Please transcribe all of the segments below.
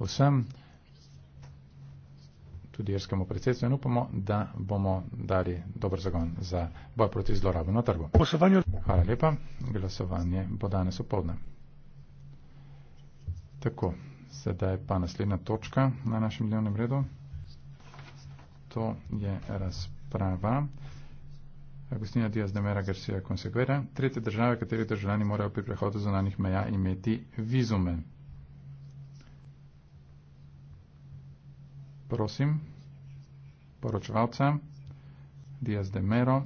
vsem, tudi irskemu predsedstvu in upamo, da bomo dali dober zagon za boj proti zlorabu na trgu. Glasovanje. Hvala lepa. Glasovanje bo danes opoldne. Tako, sedaj pa naslednja točka na našem dnevnem redu. To je razprava. Agustina Diaz de Mera Garcia Consegvera. Tretje države, katerih državljani morajo pri prehodu zunanih meja imeti vizume. prosim poročevalca Diaz de Mero,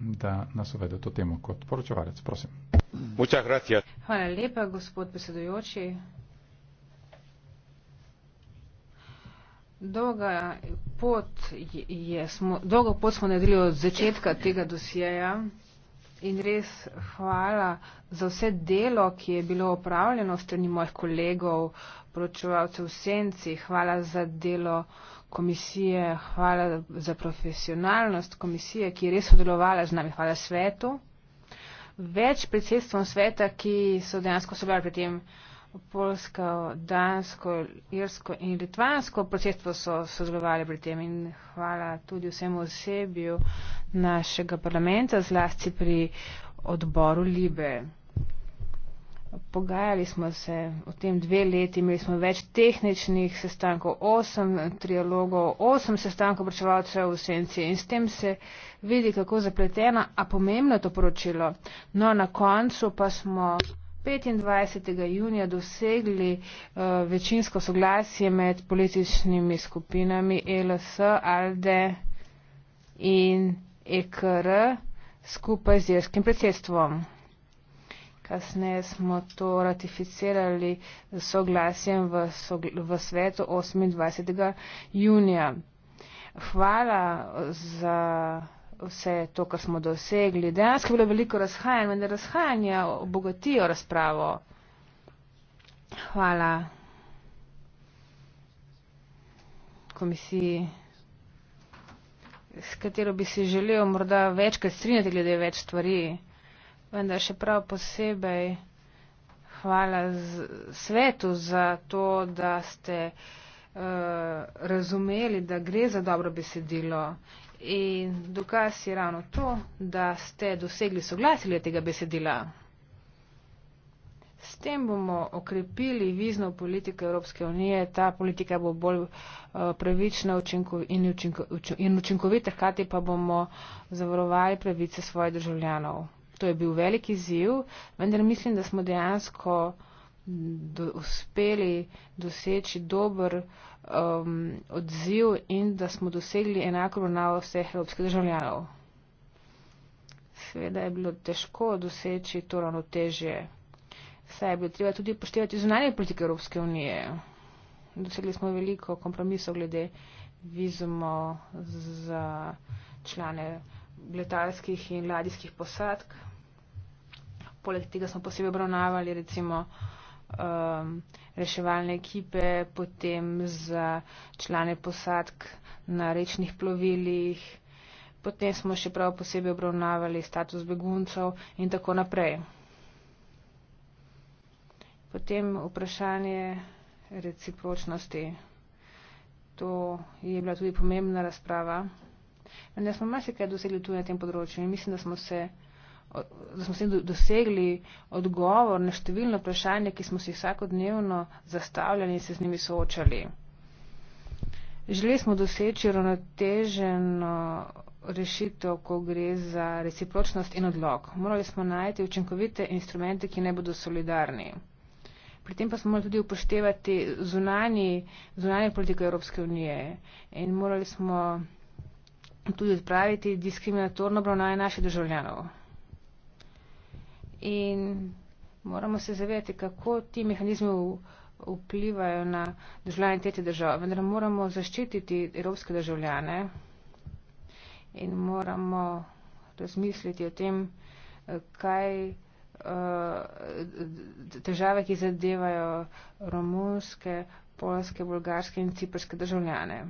da nas uvede to temo kot poročevalec. Prosim. Hvala lepa, gospod besedujoči. Dolga pot, je, je, smo, dolgo pot smo naredili od začetka tega dosjeja in res hvala za vse delo, ki je bilo opravljeno strani mojih kolegov, poročevalcev v senci. Hvala za delo komisije, hvala za profesionalnost komisije, ki je res sodelovala z nami. Hvala svetu. Več predsedstvom sveta, ki so dejansko sodelovali pri tem. Polsko, Dansko, Irsko in Litvansko. Predsedstvo so sodelovali pri tem in hvala tudi vsemu osebju našega parlamenta, zlasti pri odboru Libe. Pogajali smo se o tem dve leti, imeli smo več tehničnih sestankov, osem trialogov, osem sestankov pričevalcev v senci in s tem se vidi, kako zapletena, a pomembno je to poročilo. No, na koncu pa smo. 25. junija dosegli uh, večinsko soglasje med političnimi skupinami e LS, ALDE in EKR skupaj z jerskim predsedstvom. Kasneje smo to ratificirali z soglasjem v, v svetu 28. junija. Hvala za vse to, kar smo dosegli. Dejansko je bilo veliko razhajanj, vendar razhajanja obogatijo razpravo. Hvala komisiji, s katero bi si želel morda večkrat strinjati glede več stvari, vendar še prav posebej hvala svetu za to, da ste uh, razumeli, da gre za dobro besedilo In dokaz je ravno to, da ste dosegli soglasje tega besedila. S tem bomo okrepili vizno politiko Evropske unije. Ta politika bo bolj eh, pravična in učinkovita, hkrati pa bomo zavarovali pravice svojih državljanov. To je bil velik izziv, vendar mislim, da smo dejansko do, uspeli doseči dober um, odziv in da smo dosegli enako ravnalo vseh evropskih državljanov. Seveda je bilo težko doseči to ravnotežje, saj je bilo treba tudi poštevati zunanje politike Evropske unije. Dosegli smo veliko kompromisov glede vizumov za člane letalskih in ladijskih posadk. Poleg tega smo posebej obravnavali recimo uh, um, reševalne ekipe, potem za člane posadk na rečnih plovilih, potem smo še prav posebej obravnavali status beguncev in tako naprej. Potem vprašanje recipročnosti. To je bila tudi pomembna razprava. Vendar smo marsikaj dosegli tudi na tem področju in mislim, da smo se da smo s tem dosegli odgovor na številno vprašanje, ki smo si vsakodnevno zastavljali in se z njimi soočali. Želeli smo doseči ravnoteženo rešitev, ko gre za recipročnost in odlog. Morali smo najti učinkovite instrumente, ki ne bodo solidarni. Pri tem pa smo morali tudi upoštevati zunanje, zunanje politike Evropske unije in morali smo tudi odpraviti diskriminatorno obravnavanje naših državljanov in moramo se zavedati, kako ti mehanizmi vplivajo na državljane tete države. Vendar moramo zaščititi evropske državljane in moramo razmisliti o tem, kaj eh, težave, ki zadevajo romunske, polske, bolgarske in ciprske državljane.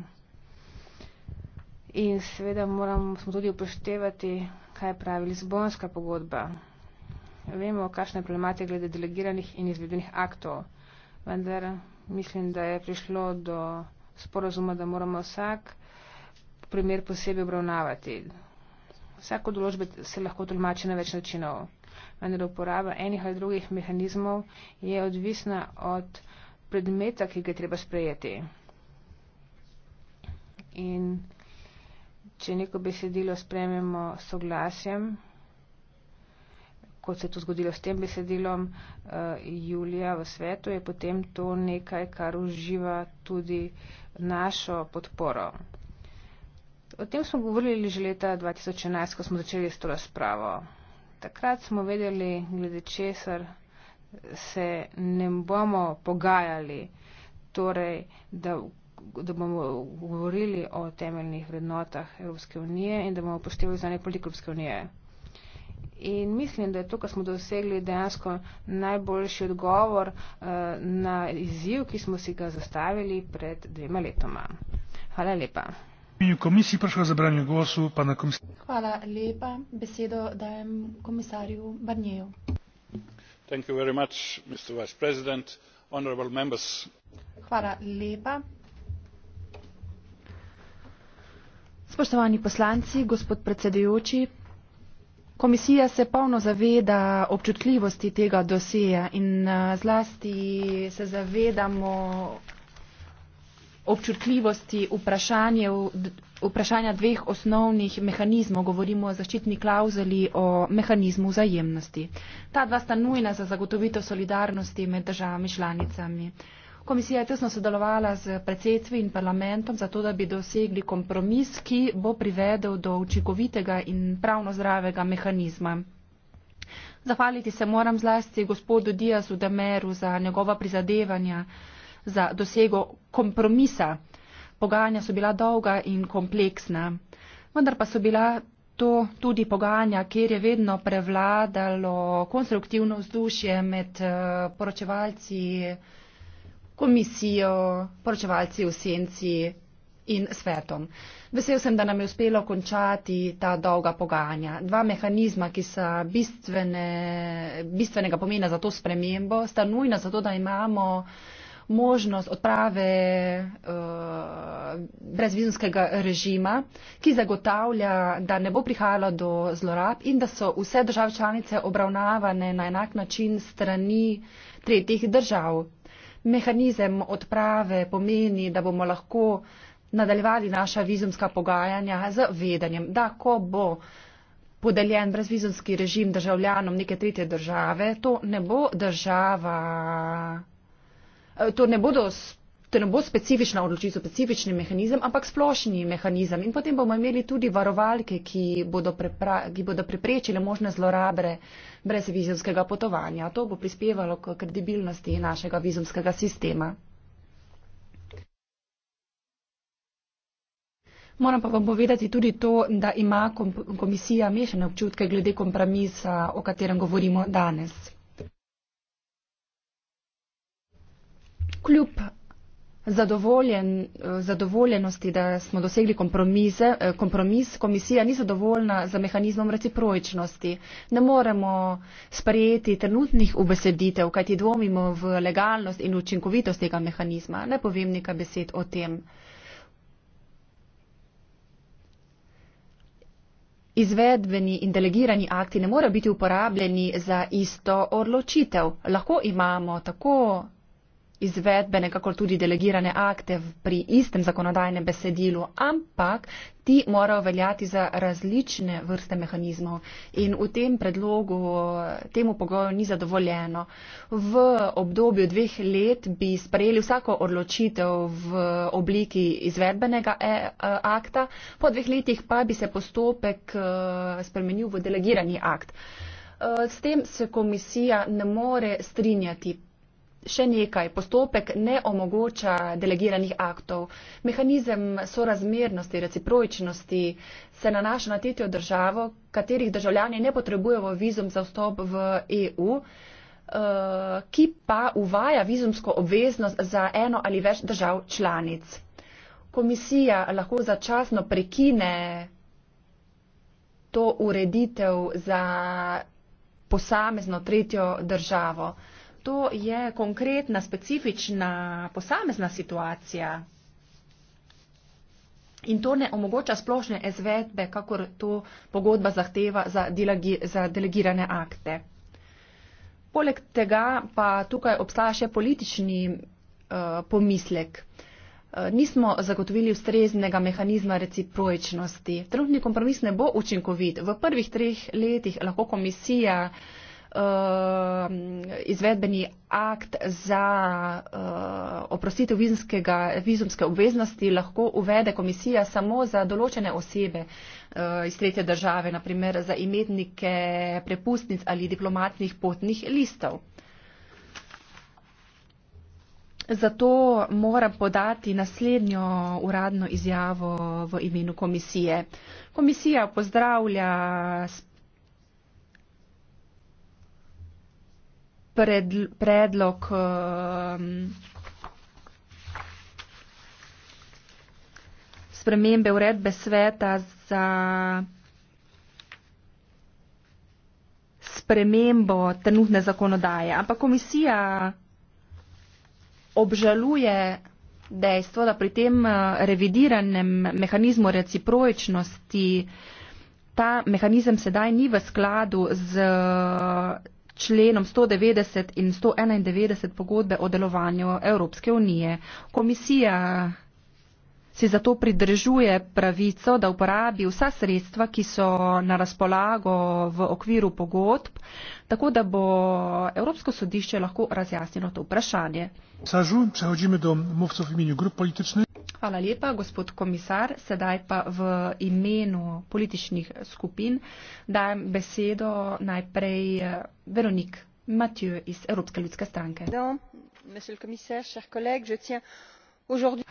In seveda moramo smo tudi upoštevati, kaj pravi Lizbonska pogodba vemo, kakšne problematike glede delegiranih in izvedenih aktov, vendar mislim, da je prišlo do sporozuma, da moramo vsak primer posebej obravnavati. Vsako določbe se lahko tolmači na več načinov, vendar uporaba enih ali drugih mehanizmov je odvisna od predmeta, ki ga je treba sprejeti. In če neko besedilo sprememo soglasjem, kot se je to zgodilo s tem besedilom uh, Julija v svetu, je potem to nekaj, kar uživa tudi našo podporo. O tem smo govorili že leta 2011, ko smo začeli s to razpravo. Takrat smo vedeli, glede česar se ne bomo pogajali, torej, da, da bomo govorili o temeljnih vrednotah Evropske unije in da bomo upoštevali zanje politike Evropske unije. In mislim, da je to, kar smo dosegli, dejansko najboljši odgovor eh, na izziv, ki smo si ga zastavili pred dvema letoma. Hvala lepa. Gosu, komis... Hvala lepa. Besedo dajem komisarju Barnjeju. Hvala lepa. Spoštovani poslanci, gospod predsedujoči, Komisija se polno zaveda občutljivosti tega doseja in eh, zlasti se zavedamo občutljivosti vprašanja dveh osnovnih mehanizmov. Govorimo o zaščitni klauzuli, o mehanizmu vzajemnosti. Ta dva sta nujna za zagotovitev solidarnosti med državami članicami. Komisija je tesno sodelovala z predsedstvi in parlamentom, zato da bi dosegli kompromis, ki bo privedel do učinkovitega in pravno zdravega mehanizma. Zahvaliti se moram zlasti gospodu Diazu Demeru za njegova prizadevanja za dosego kompromisa. Pogajanja so bila dolga in kompleksna, vendar pa so bila to tudi pogajanja, kjer je vedno prevladalo konstruktivno vzdušje med eh, poročevalci komisijo, poročevalci v senci in svetom. Vesel sem, da nam je uspelo končati ta dolga pogajanja. Dva mehanizma, ki so bistvene, bistvenega pomena za to spremembo, sta nujna za to, da imamo možnost odprave uh, brezvizumskega režima, ki zagotavlja, da ne bo prihajalo do zlorab in da so vse države članice obravnavane na enak način strani tretjih držav mehanizem odprave pomeni, da bomo lahko nadaljevali naša vizumska pogajanja z vedanjem, da ko bo podeljen brezvizumski režim državljanom neke tretje države, to ne bo država, to ne bodo spremljali to ne bo specifična odločitev, specifični mehanizem, ampak splošni mehanizem. In potem bomo imeli tudi varovalke, ki bodo, prepra, ki bodo preprečile možne zlorabre brez vizumskega potovanja. To bo prispevalo k kredibilnosti našega vizumskega sistema. Moram pa vam povedati tudi to, da ima komisija mešane občutke glede kompromisa, o katerem govorimo danes. Kljub zadovoljen, eh, zadovoljenosti, da smo dosegli kompromise. Eh, kompromis komisija ni zadovoljna za mehanizmom recipročnosti. Ne moremo sprejeti trenutnih ubeseditev, kajti dvomimo v legalnost in učinkovitost tega mehanizma. Ne povem nekaj besed o tem. Izvedbeni in delegirani akti ne morejo biti uporabljeni za isto odločitev. Lahko imamo tako izvedbe, nekako tudi delegirane akte pri istem zakonodajnem besedilu, ampak ti morajo veljati za različne vrste mehanizmov in v tem predlogu temu pogoju ni zadovoljeno. V obdobju dveh let bi sprejeli vsako odločitev v obliki izvedbenega e, e akta, po dveh letih pa bi se postopek e, spremenil v delegirani akt. E, s tem se komisija ne more strinjati. Še nekaj, postopek ne omogoča delegiranih aktov. Mehanizem sorazmernosti, recipročnosti se nanaša na tretjo državo, katerih državljani ne potrebujejo vizum za vstop v EU, eh, ki pa uvaja vizumsko obveznost za eno ali več držav članic. Komisija lahko začasno prekine to ureditev za posamezno tretjo državo to je konkretna, specifična, posamezna situacija. In to ne omogoča splošne izvedbe, kakor to pogodba zahteva za, delegi, za delegirane akte. Poleg tega pa tukaj obstaja še politični uh, pomislek. Eh, nismo zagotovili ustreznega mehanizma recipročnosti. Trenutni kompromis ne bo učinkovit. V prvih treh letih lahko komisija uh, Um, izvedbeni akt za uh, oprostitev vizumske obveznosti lahko uvede komisija samo za določene osebe uh, iz tretje države, naprimer za imetnike prepustnic ali diplomatnih potnih listov. Zato moram podati naslednjo uradno izjavo v imenu komisije. Komisija pozdravlja pred, predlog. Um, spremembe uredbe sveta za spremembo trenutne zakonodaje. Ampak komisija obžaluje dejstvo, da pri tem uh, revidiranem mehanizmu recipročnosti ta mehanizem sedaj ni v skladu z členom 190 in 191 pogodbe o delovanju Evropske unije. Komisija si zato pridržuje pravico, da uporabi vsa sredstva, ki so na razpolago v okviru pogodb, tako da bo Evropsko sodišče lahko razjasnilo to vprašanje. Hvala lepa, gospod komisar. Sedaj pa v imenu političnih skupin dajem besedo najprej eh, Veronik Matiju iz Evropske ljudske stranke.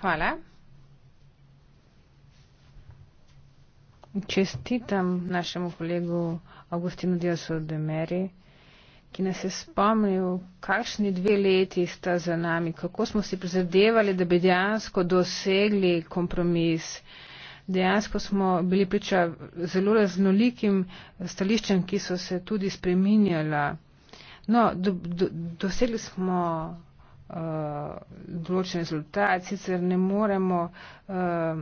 Hvala. Čestitam našemu kolegu Augustinu Diosu de Meri, ki nas je spomnil, kakšni dve leti sta za nami, kako smo si prizadevali, da bi dejansko dosegli kompromis. Dejansko smo bili priča zelo raznolikim stališčem, ki so se tudi spreminjala. No, do, do, dosegli smo uh, določen rezultat, sicer ne moremo uh, eh,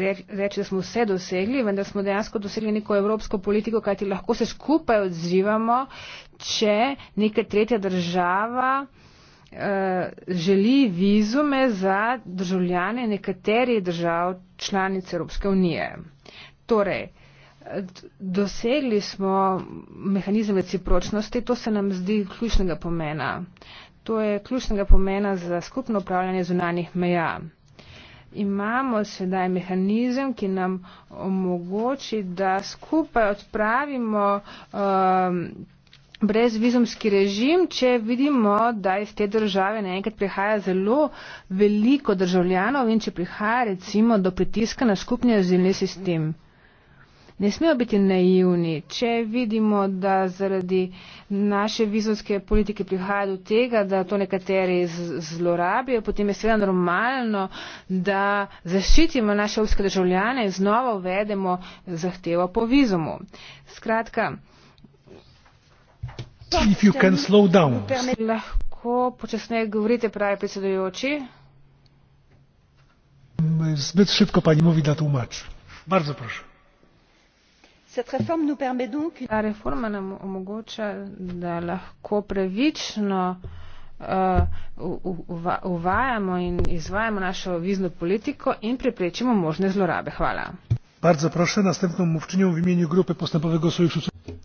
reč, reči, da smo vse dosegli, vendar smo dejansko dosegli neko evropsko politiko, kajti lahko se skupaj odzivamo, če neka tretja država eh, želi vizume za državljane nekaterih držav članic Evropske unije. Torej, dosegli smo mehanizem reciprocnosti, to se nam zdi ključnega pomena. Uh, To je ključnega pomena za skupno upravljanje zunanih meja. Imamo sedaj mehanizem, ki nam omogoči, da skupaj odpravimo um, brezvizumski režim, če vidimo, da iz te države naenkrat prihaja zelo veliko državljanov in če prihaja recimo do pritiska na skupni azilni sistem ne smemo biti naivni, če vidimo, da zaradi naše vizonske politike prihaja do tega, da to nekateri zlorabijo, potem je seveda normalno, da zaščitimo naše evropske državljane in znova uvedemo zahtevo po vizumu. Skratka, lahko počasneje govorite, pravi predsedujoči. Zbyt szybko pani mówi na tłumacz. Bardzo proszę. Ta reforma nam omogoča, da lahko pravično uh, uvajamo in izvajamo našo vizno politiko in preprečimo možne zlorabe. Hvala.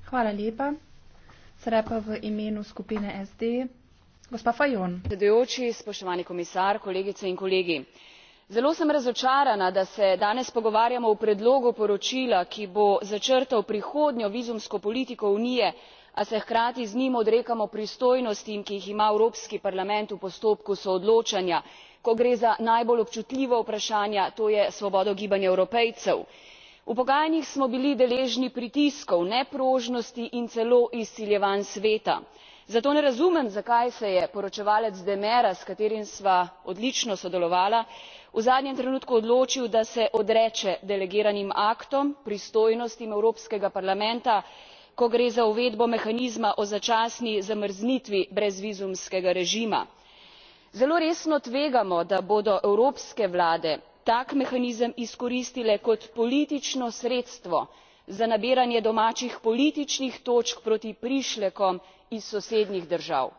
Hvala lepa. Srepa v imenu skupine SD. Gospa Fajon. Predsedujoči, spoštovani komisar, kolegice in kolegi zelo sem razočarana da se danes pogovarjamo o predlogu poročila ki bo začrtal prihodnjo vizumsko politiko unije a se hkrati z njim odrekamo pristojnostim ki jih ima evropski parlament v postopku soodločanja ko gre za najbolj občutljiva vprašanja to je svobodo gibanja evropejcev. v pogajanjih smo bili deležni pritiskov neprožnosti in celo izsiljevanj sveta zato ne razumem zakaj se je poročevalec de mera s katerim sva odlično sodelovala v zadnjem trenutku odločil da se odreče delegiranim aktom pristojnostim evropskega parlamenta ko gre za uvedbo mehanizma o začasni zamrznitvi brezvizumskega režima. zelo resno tvegamo da bodo evropske vlade tak mehanizem izkoristile kot politično sredstvo za nabiranje domačih političnih točk proti prišlekom iz sosednjih držav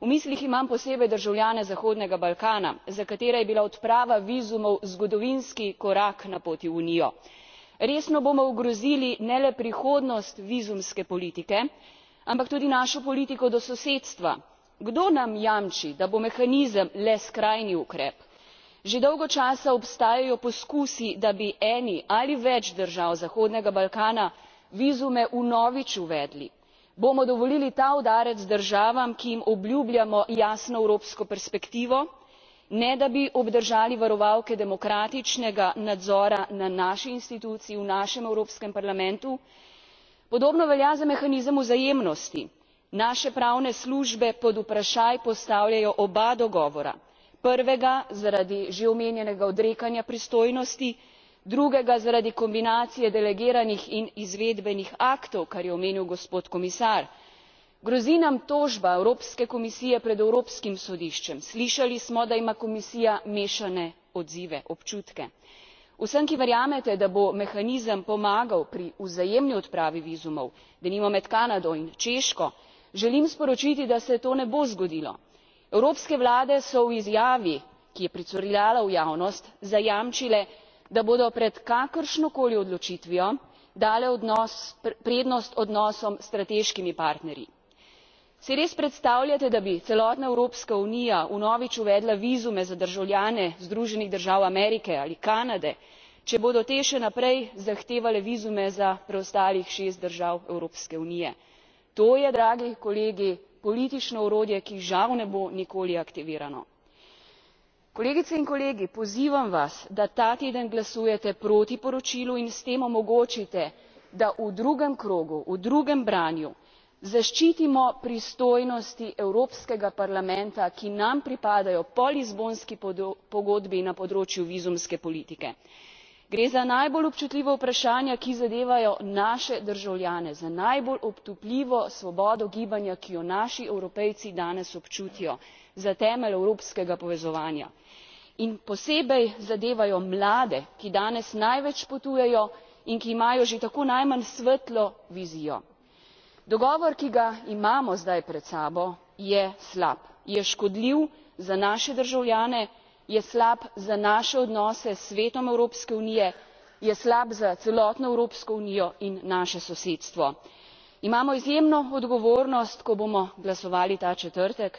v mislih imam posebej državljane zahodnega balkana za katere je bila odprava vizumov zgodovinski korak na poti v unijo. resno bomo ogrozili ne le prihodnost vizumske politike ampak tudi našo politiko do sosedstva. kdo nam jamči da bo mehanizem le skrajni ukrep? že dolgo časa obstajajo poskusi da bi eni ali več držav zahodnega balkana vizume vnovič uvedli bomo dovolili ta udarec državam ki jim obljubljamo jasno evropsko perspektivo ne da bi obdržali varovalke demokratičnega nadzora na naši instituciji v našem evropskem parlamentu. podobno velja za mehanizem vzajemnosti naše pravne službe pod vprašaj postavljajo oba dogovora prvega zaradi že omenjenega odrekanja pristojnosti drugega zaradi kombinacije delegiranih in izvedbenih aktov kar je omenil gospod komisar. grozi nam tožba evropske komisije pred evropskim sodiščem slišali smo da ima komisija mešane odzive občutke. vsem ki verjamete da bo mehanizem pomagal pri vzajemni odpravi vizumov denimo med kanado in češko želim sporočiti da se to ne bo zgodilo. evropske vlade so v izjavi ki je pricurljala v javnost zajamčile da bodo pred kakršnokoli odločitvijo dale prednost odnosom s strateškimi partnerji. si res predstavljate da bi celotna evropska unija vnovič uvedla vizume za državljane združenih držav amerike ali kanade če bodo te še naprej zahtevale vizume za preostalih šest držav evropske unije? to je dragi kolegi politično orodje ki žal ne bo nikoli aktivirano kolegice in kolegi pozivam vas da ta teden glasujete proti poročilu in s tem omogočite da v drugem krogu v drugem branju zaščitimo pristojnosti evropskega parlamenta ki nam pripadajo po lizbonski pogodbi na področju vizumske politike. gre za najbolj občutljiva vprašanja ki zadevajo naše državljane za najbolj otipljivo svobodo gibanja ki jo naši evropejci danes občutijo za temelj evropskega povezovanja in posebej zadevajo mlade ki danes največ potujejo in ki imajo že tako najmanj svetlo vizijo. dogovor ki ga imamo zdaj pred sabo je slab je škodljiv za naše državljane je slab za naše odnose s svetom evropske unije je slab za celotno evropsko unijo in naše sosedstvo. imamo izjemno odgovornost ko bomo glasovali ta četrtek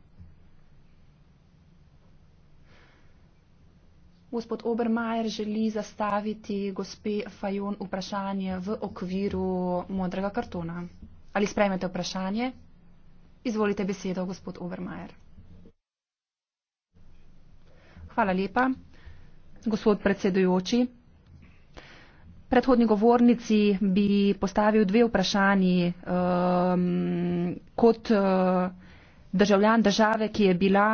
Gospod Obermajer želi zastaviti gospe Fajon vprašanje v okviru modrega kartona. Ali sprejmete vprašanje? Izvolite besedo, gospod Obermajer. Hvala lepa, gospod predsedujoči. Predhodni govornici bi postavil dve vprašanji um, kot uh, državljan države, ki je bila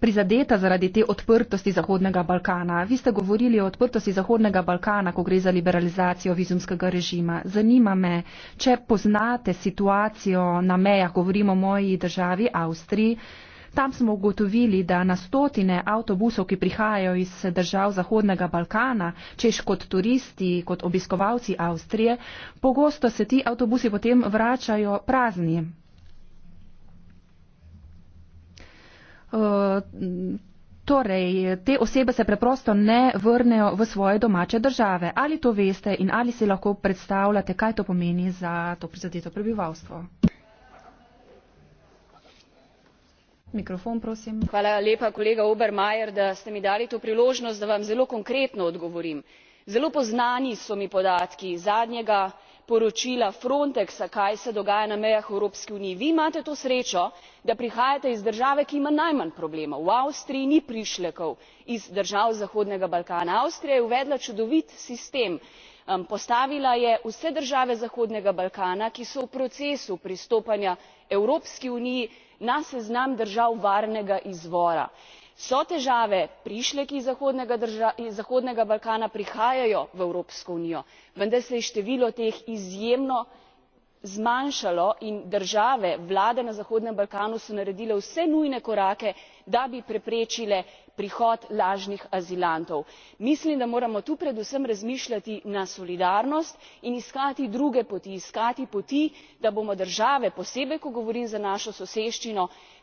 prizadeta zaradi te odprtosti Zahodnega Balkana. Vi ste govorili o odprtosti Zahodnega Balkana, ko gre za liberalizacijo vizumskega režima. Zanima me, če poznate situacijo na mejah, govorimo o moji državi Avstriji, tam smo ugotovili, da na stotine avtobusov, ki prihajajo iz držav Zahodnega Balkana, češ kot turisti, kot obiskovalci Avstrije, pogosto se ti avtobusi potem vračajo prazni. Eh, torej, te osebe se preprosto ne vrnejo v svoje domače države. Ali to veste in ali si lahko predstavljate, kaj to pomeni za to prizadeto prebivalstvo? Mikrofon, prosim. Hvala lepa, kolega Obermajer, da ste mi dali to priložnost, da vam zelo konkretno odgovorim. Zelo poznani so mi podatki zadnjega poročila frontexa kaj se dogaja na mejah evropske unije. vi imate to srečo da prihajate iz države ki ima najmanj problemov. v avstriji ni prišlekov iz držav zahodnega balkana. avstrija je uvedla čudovit sistem postavila je vse države zahodnega balkana ki so v procesu pristopanja evropski uniji na seznam držav varnega izvora so težave prišleki iz zahodnega balkana prihajajo v evropsko unijo vendar se je število teh izjemno zmanjšalo in države vlade na zahodnem balkanu so naredile vse nujne korake da bi preprečile prihod lažnih azilantov. mislim da moramo tu predvsem razmišljati na solidarnost in iskati druge poti iskati poti da bomo države posebej ko govorim za našo soseščino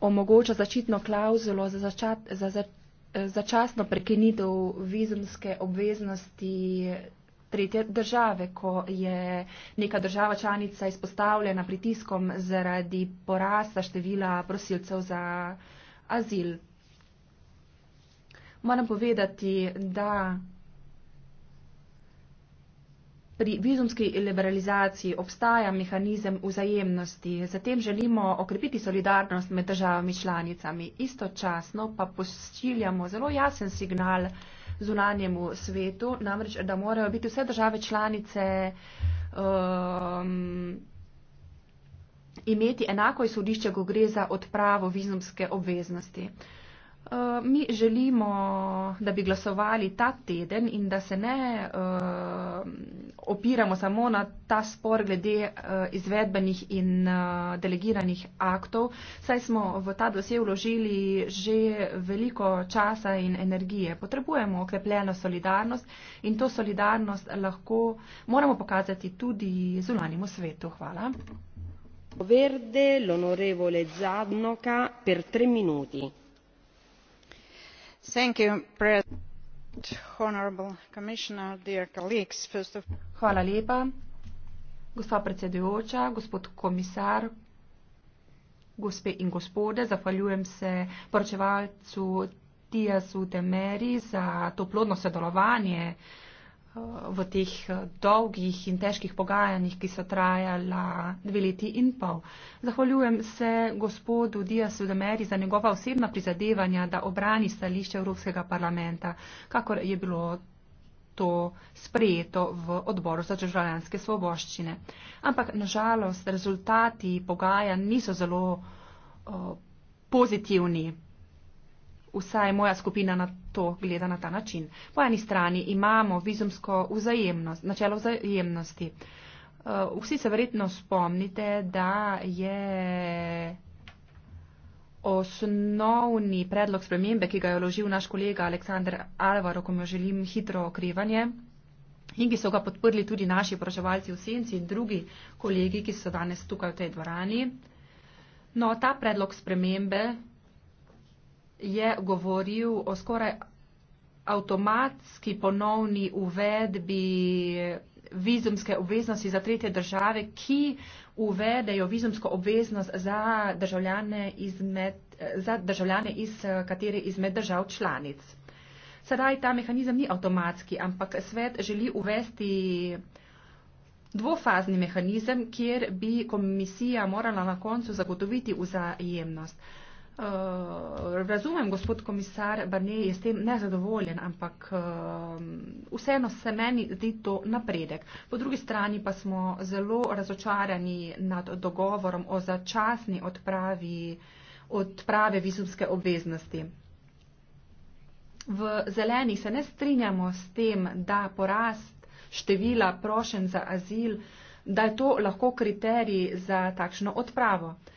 omogoča začitno klauzulo za, začat, za, za, za eh, začasno prekinitev vizumske obveznosti tretje države, ko je neka država članica izpostavljena pritiskom zaradi porasta števila prosilcev za azil. Moram povedati, da Pri vizumski liberalizaciji obstaja mehanizem vzajemnosti, zatem želimo okrepiti solidarnost med državami članicami, istočasno pa posiljamo zelo jasen signal zunanjemu svetu, namreč, da morajo biti vse države članice um, imeti enako izhodišče, ko gre za odpravo vizumske obveznosti. Uh, Eh, mi želimo, da bi glasovali ta teden in da se ne uh, opiramo samo na ta spor glede uh, izvedbenih in uh, delegiranih aktov, saj smo v ta dosje vložili že veliko časa in energije. Potrebujemo okrepljeno solidarnost in to solidarnost lahko moramo pokazati tudi zunanjemu svetu. Hvala. Verde, l'onorevole Zadnoka per tre minuti gospa predsedujoča gospod komisar gospe in gospode zahvaljujem se poročevalcu tiasu temeri za to plodno sodelovanje pri tem zelo pomembnem dokumentu v teh eh, dolgih in težkih pogajanjih, ki so trajala dve leti in pol. Zahvaljujem se gospodu Diasu Demeri za njegova osebna prizadevanja, da obrani stališče Evropskega parlamenta, kakor je bilo to sprejeto v odboru za državljanske svoboščine. Ampak nažalost rezultati pogajanj niso zelo uh, pozitivni vsaj moja skupina na to gleda na ta način. Po eni strani imamo vizumsko vzajemnost, načelo vzajemnosti. Uh, vsi se verjetno spomnite, da je osnovni predlog spremembe, ki ga je vložil naš kolega Aleksandr Alvaro, ko mu želim hitro okrevanje, in ki so ga podprli tudi naši poraževalci v senci in drugi kolegi, ki so danes tukaj v tej dvorani. No, ta predlog spremembe je govoril o skoraj avtomatski ponovni uvedbi vizumske obveznosti za tretje države, ki uvedejo vizumsko obveznost za državljane, izmed, za državljane iz katere izmed držav članic. Sedaj ta mehanizem ni avtomatski, ampak svet želi uvesti dvofazni mehanizem, kjer bi komisija morala na koncu zagotoviti vzajemnost. Uh, razumem, gospod komisar Barnej je s tem nezadovoljen, ampak uh, vseeno se meni zdi to napredek. Po drugi strani pa smo zelo razočarani nad dogovorom o začasni odpravi, odprave vizumske obveznosti. V zelenih se ne strinjamo s tem, da porast števila prošen za azil, da je to lahko kriterij za takšno odpravo. Uh,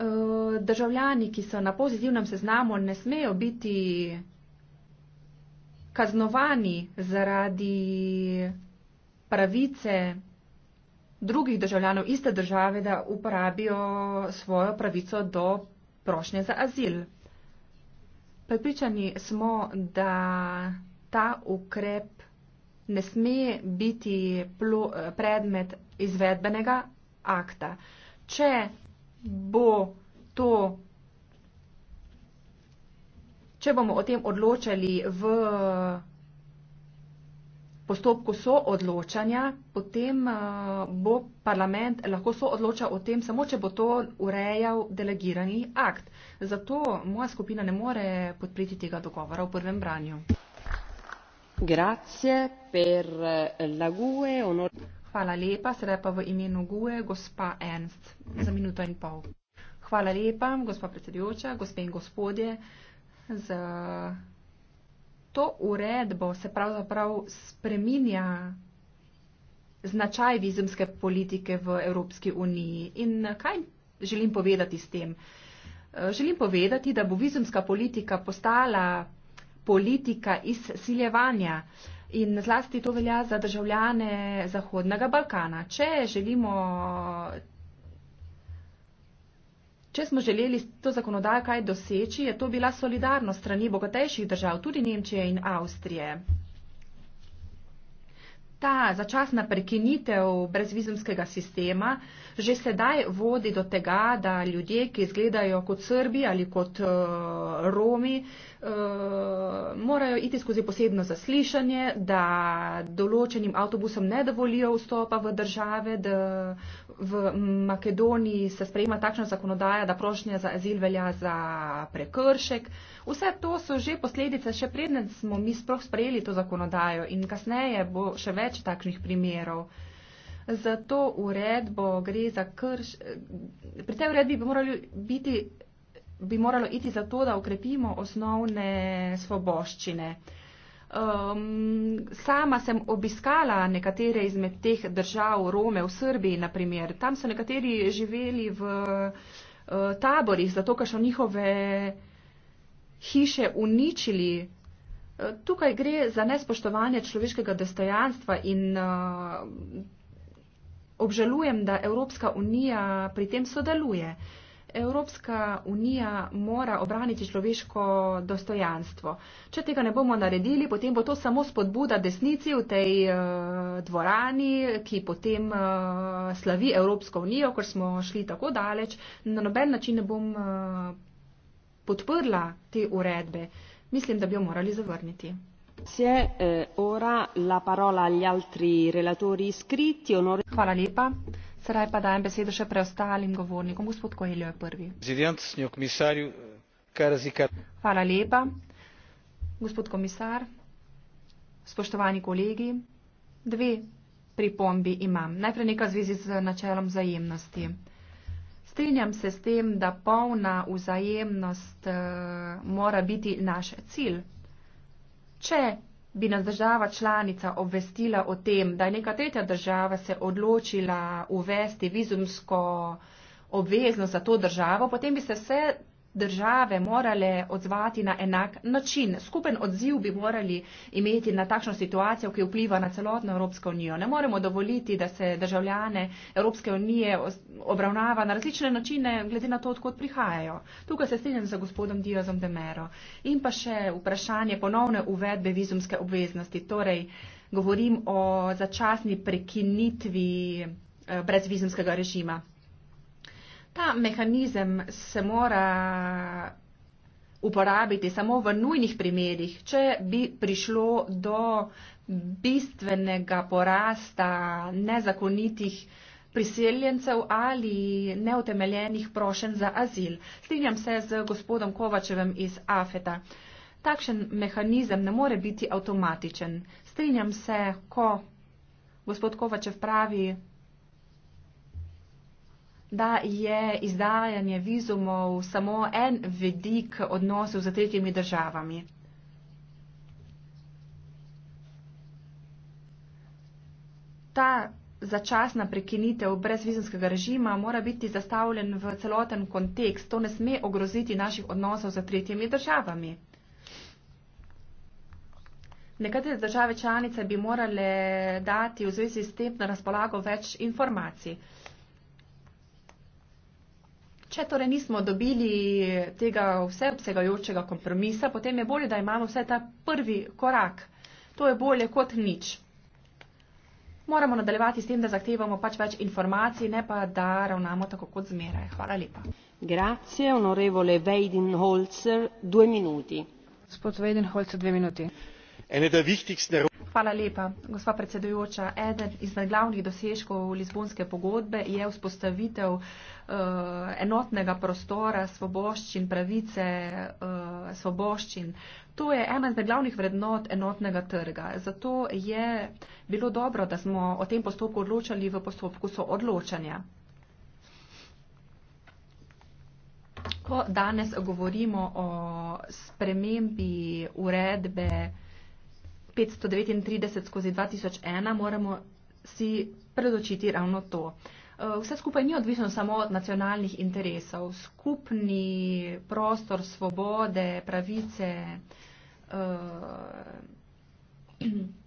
Eh, državljani, ki so na pozitivnem seznamu, ne smejo biti kaznovani zaradi pravice drugih državljanov iste države, da uporabijo svojo pravico do prošnje za azil. Pripričani smo, da ta ukrep ne sme biti predmet izvedbenega akta. Če bo to, če bomo o tem odločali v postopku soodločanja, potem eh, bo parlament lahko soodločal o tem, samo če bo to urejal delegirani akt. Zato moja skupina ne more podpreti tega dogovora v prvem branju. Grazie per eh, l'augurio. Hvala lepa, sedaj pa v imenu GUE, gospa Ernst, za minuto in pol. Hvala lepa, gospa predsedujoča, gospe in gospodje, za to uredbo se pravzaprav spreminja značaj vizumske politike v Evropski uniji. In kaj želim povedati s tem? Želim povedati, da bo vizumska politika postala politika izsiljevanja. Uh, In zlasti to velja za državljane Zahodnega Balkana. Če želimo. Če smo želeli to zakonodajo kaj doseči, je to bila solidarnost strani bogatejših držav, tudi Nemčije in Avstrije ta začasna prekinitev brezvizumskega sistema že sedaj vodi do tega, da ljudje, ki izgledajo kot Srbi ali kot uh, Romi, uh, morajo iti skozi posebno zaslišanje, da določenim avtobusom ne dovolijo vstopa v države, da v Makedoniji se sprejema takšna zakonodaja, da prošnja za azil velja za prekršek. Vse to so že posledice, še predtem smo mi sploh sprejeli to zakonodajo in kasneje bo še več več takšnih primerov. Za to uredbo gre za krš. Pri tej uredbi bi moralo, biti, bi moralo iti za to, da ukrepimo osnovne svoboščine. Um, sama sem obiskala nekatere izmed teh držav, Rome v Srbiji, naprimer. Tam so nekateri živeli v uh, taborih, zato ker so njihove hiše uničili, Tukaj gre za nespoštovanje človeškega dostojanstva in uh, obžalujem, da Evropska unija pri tem sodeluje. Evropska unija mora obraniti človeško dostojanstvo. Če tega ne bomo naredili, potem bo to samo spodbuda desnici v tej uh, dvorani, ki potem uh, slavi Evropsko unijo, ker smo šli tako daleč. Na noben način ne bom uh, podprla te uredbe. Uh, mislim da bi jo morali zavrniti. Eh, Hvala lepa. Sedaj pa dajem besedo še preostalim govornikom. Gospod Koeljo je prvi. Eh, Hvala lepa. Gospod komisar, spoštovani kolegi, dve pripombi imam. Najprej nekaj v zvezi z načelom zajemnosti. Strinjam se s tem, da polna vzajemnost uh, mora biti naš cilj. Če bi nas država članica obvestila o tem, da je neka tretja država se odločila uvesti vizumsko obveznost za to državo, potem bi se vse države morale odzvati na enak način. Skupen odziv bi morali imeti na takšno situacijo, ki vpliva na celotno Evropsko unijo. Ne moremo dovoliti, da se državljane Evropske unije obravnava na različne načine, glede na to, odkot prihajajo. Tukaj se strinjam za gospodom Diozom Demero. In pa še vprašanje ponovne uvedbe vizumske obveznosti. Torej, govorim o začasni prekinitvi eh, brezvizumskega režima. Ta mehanizem se mora uporabiti samo v nujnih primerjih, če bi prišlo do bistvenega porasta nezakonitih priseljencev ali neutemeljenih prošen za azil. Strinjam se z gospodom Kovačevem iz Afeta. Takšen mehanizem ne more biti avtomatičen. Strinjam se, ko gospod Kovačev pravi, da je izdajanje vizumov samo en vedik odnosov z tretjimi državami. Ta začasna prekinitev brezvizumskega režima mora biti zastavljen v celoten kontekst. To ne sme ogroziti naših odnosov z tretjimi državami. Nekatere države članice bi morale dati v zvezi s tem na razpolago več informacij. Če torej nismo dobili tega vseobsegajočega kompromisa, potem je bolje, da imamo vse ta prvi korak. To je bolje kot nič. Moramo nadaljevati s tem, da zahtevamo pač več informacij, ne pa da ravnamo tako kot zmeraj. Hvala lepa. Grazie, onorevole Weidenholzer, dve minuti. Gospod Weidenholzer, dve minuti. Hvala lepa, gospa predsedujoča. Eden izmed glavnih dosežkov Lizbonske pogodbe je vzpostavitev eh, enotnega prostora svoboščin, pravice eh, svoboščin. To je ena izmed glavnih vrednot enotnega trga. Zato je bilo dobro, da smo o tem postopku odločali v postopku soodločanja. Ko danes govorimo o spremembi uredbe, 539 skozi 2001 moramo si predočiti ravno to. Eh, vse skupaj ni odvisno samo od nacionalnih interesov. Skupni prostor svobode, pravice. Uh,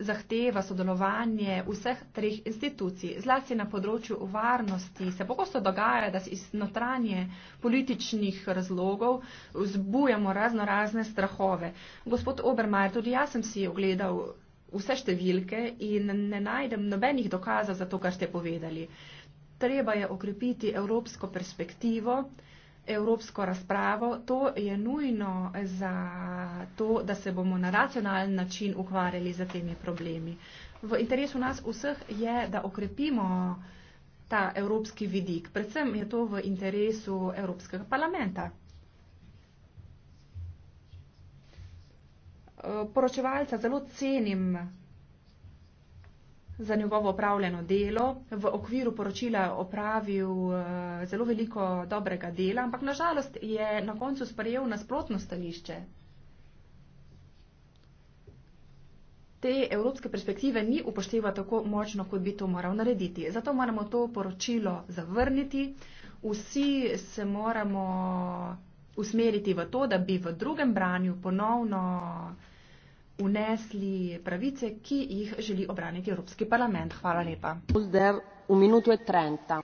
zahteva sodelovanje vseh treh institucij. Zlasti na področju varnosti se pogosto dogaja, da se iz notranje političnih razlogov vzbujamo razno razne strahove. Gospod Obermajer, tudi jaz sem si ogledal vse številke in ne najdem nobenih dokazov za to, kar ste povedali. Treba je okrepiti evropsko perspektivo, evropsko razpravo. To je nujno za to, da se bomo na racionalen način ukvarjali za temi problemi. V interesu nas vseh je, da okrepimo ta evropski vidik. Predvsem je to v interesu Evropskega parlamenta. Poročevalca zelo cenim za njegovo opravljeno delo. V okviru poročila je opravil eh, zelo veliko dobrega dela, ampak nažalost je na koncu sprejel nasprotno stališče. Te evropske perspektive ni upošteva tako močno, kot bi to moral narediti. Zato moramo to poročilo zavrniti. Vsi se moramo usmeriti v to, da bi v drugem branju ponovno vnesli pravice, ki jih želi obraniti Evropski parlament. Hvala lepa.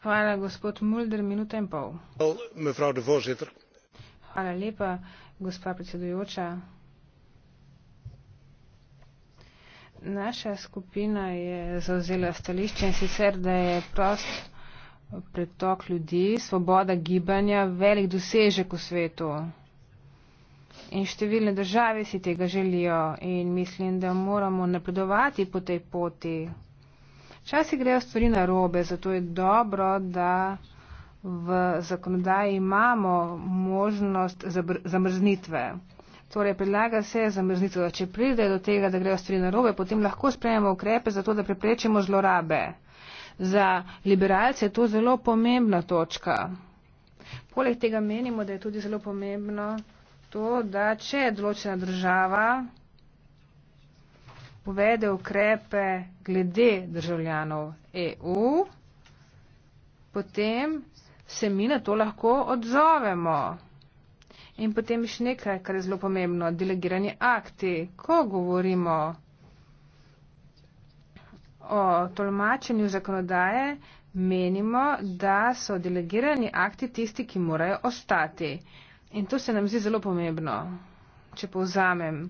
Hvala, gospod Mulder, minuta in pol. Hvala lepa, gospa predsedujoča. Naša skupina je zauzela stališče in sicer, da je prost pretok ljudi, svoboda gibanja, velik dosežek v svetu in številne države si tega želijo in mislim, da moramo napredovati po tej poti. Časi grejo stvari na robe, zato je dobro, da v zakonodaji imamo možnost zamrznitve. Torej, predlaga se zamrznitev, da če pride do tega, da grejo stvari na robe, potem lahko sprejemo ukrepe za to, da preprečimo zlorabe. Za liberalce je to zelo pomembna točka. Poleg tega menimo, da je tudi zelo pomembno, to, da če je določena država uvede ukrepe glede državljanov EU, potem se mi na to lahko odzovemo. In potem še nekaj, kar je zelo pomembno, delegirani akti. Ko govorimo o tolmačenju zakonodaje, menimo, da so delegirani akti tisti, ki morajo ostati. In to se nam zdi zelo pomembno, če povzamem.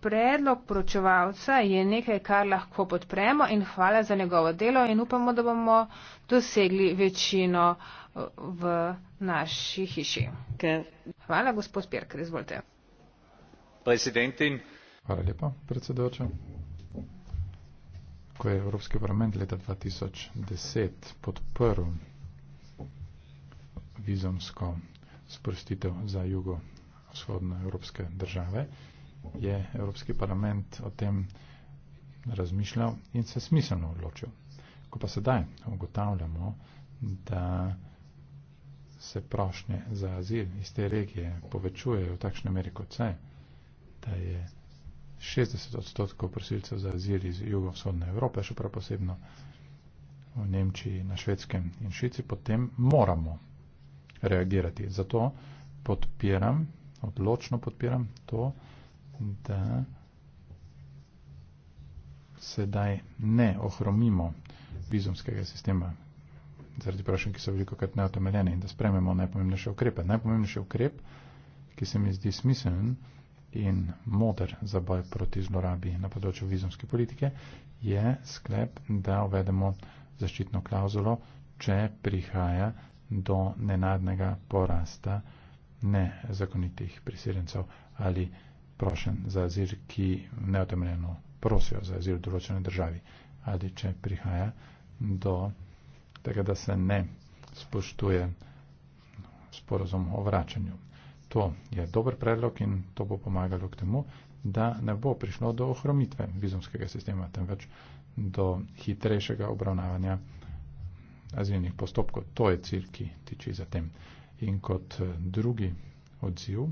Predlog poročevalca je nekaj, kar lahko podpremo in hvala za njegovo delo in upamo, da bomo dosegli večino eh, v naši hiši. Hvala, gospod Pirker, izvolite. Hvala lepa, predsedoča. Ko je Evropski parlament leta 2010 podprl vizumsko sprostitev za jugovzhodno evropske države, je Evropski parlament o tem razmišljal in se smiselno odločil. Ko pa sedaj ugotavljamo, da se prošnje za azil iz te regije povečujejo v takšne meri kot se, da je 60 odstotkov prosilcev za azil iz jugovzhodne Evrope, še prav posebno v Nemčiji, na švedskem in švici, potem moramo reagirati. Zato podpiram, odločno podpiram to, da sedaj ne ohromimo vizumskega sistema zaradi vprašanj, ki so veliko krat neotomeljene in da sprememo najpomembnejše ukrepe. Najpomembnejši ukrep, ki se mi zdi smiseln in moder za boj proti zlorabi na področju vizumske politike, je sklep, da uvedemo zaščitno klauzulo, če prihaja do nenadnega porasta nezakonitih priseljencev ali prošen za azir, ki neotemljeno prosijo za azir v določene državi ali če prihaja do tega, da se ne spoštuje sporozum o vračanju. To je dober predlog in to bo pomagalo k temu, da ne bo prišlo do ohromitve vizumskega sistema, temveč do hitrejšega obravnavanja azilnih postopkov. To je cilj, ki tiči za tem. In kot eh, drugi odziv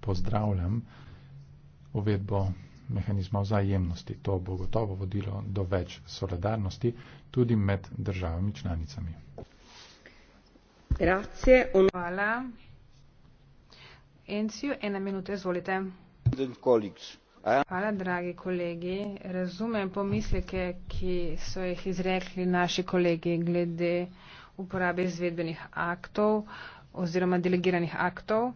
pozdravljam uvedbo mehanizma vzajemnosti. To bo gotovo vodilo do več solidarnosti tudi med državami članicami. Grazie, un... Hvala. Enzio, ena minuta, izvolite. Hvala, dragi kolegi. Razumem pomisleke, ki so jih izrekli naši kolegi glede uporabe izvedbenih aktov oziroma delegiranih aktov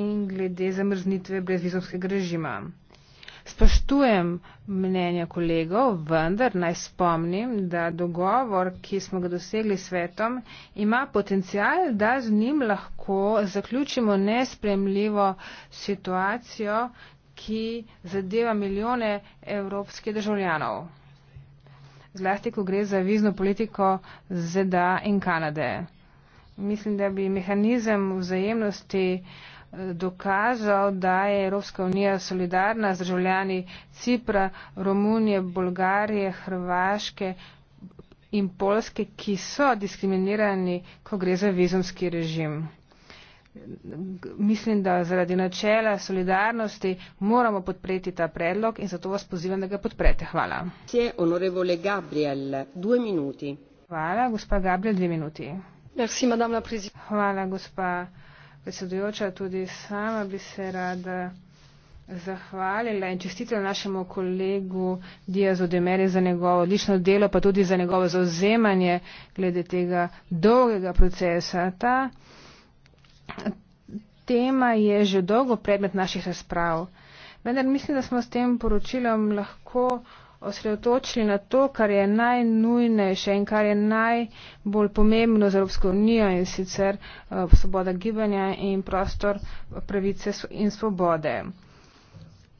in glede zamrznitve brezvizovskega režima. Spoštujem mnenja kolegov, vendar naj spomnim, da dogovor, ki smo ga dosegli s svetom, ima potencial, da z njim lahko zaključimo nespremljivo situacijo, ki zadeva milijone evropskih državljanov. Zlasti, ko gre za vizno politiko ZDA in Kanade. Mislim, da bi mehanizem vzajemnosti eh, dokazal, da je Evropska unija solidarna z državljani Cipra, Romunije, Bolgarije, Hrvaške in Polske, ki so diskriminirani, ko gre za vizumski režim mislim, da zaradi načela solidarnosti moramo podpreti ta predlog in zato vas pozivam, da ga podprete. Hvala. Hvala, gospa Gabriel, dve minuti. Hvala, gospa predsedujoča. Tudi sama bi se rada zahvalila in čestitila našemu kolegu Diazu Demeri za njegovo odlično delo, pa tudi za njegovo zauzemanje glede tega dolgega procesa. Ta tema je že dolgo predmet naših razprav. Vendar mislim, da smo s tem poročilom lahko osredotočili na to, kar je najnujnejše in kar je najbolj pomembno za Evropsko unijo in sicer uh, svoboda gibanja in prostor pravice in svobode.